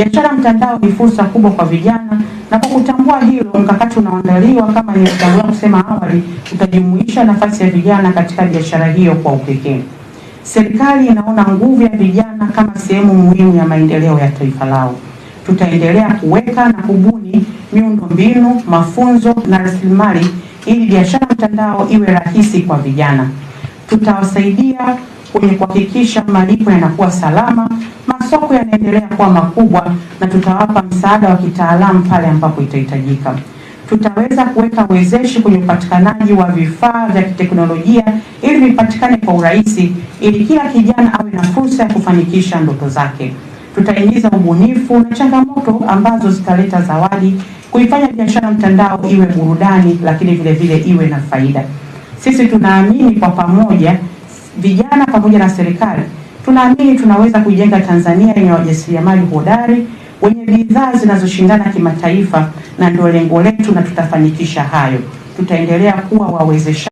Biashara mtandao ni fursa kubwa kwa vijana, na kwa kutambua hilo, mkakati unaoandaliwa kama nilivyotangulia kusema awali, utajumuisha nafasi ya vijana katika biashara hiyo kwa upekee. Serikali inaona nguvu ya vijana kama sehemu muhimu ya maendeleo ya taifa lao. Tutaendelea kuweka na kubuni miundo mbinu mafunzo na rasilimali ili biashara mtandao iwe rahisi kwa vijana. Tutawasaidia kwenye kuhakikisha malipo yanakuwa salama masoko yanaendelea kuwa makubwa na tutawapa msaada wa kitaalamu pale ambapo itahitajika. Tutaweza kuweka wezeshi kwenye upatikanaji wa vifaa vya kiteknolojia ili vipatikane kwa urahisi, ili kila kijana awe na fursa ya kufanikisha ndoto zake. tutaingiza ubunifu na changamoto ambazo zitaleta zawadi, kuifanya biashara mtandao iwe burudani, lakini vile vile iwe na faida. Sisi tunaamini kwa pamoja, vijana pamoja na serikali Tunaamini tunaweza kujenga Tanzania yenye wajasiriamali hodari wenye bidhaa zinazoshindana kimataifa, na ndio lengo letu, na tutafanikisha hayo. Tutaendelea kuwa wawezesha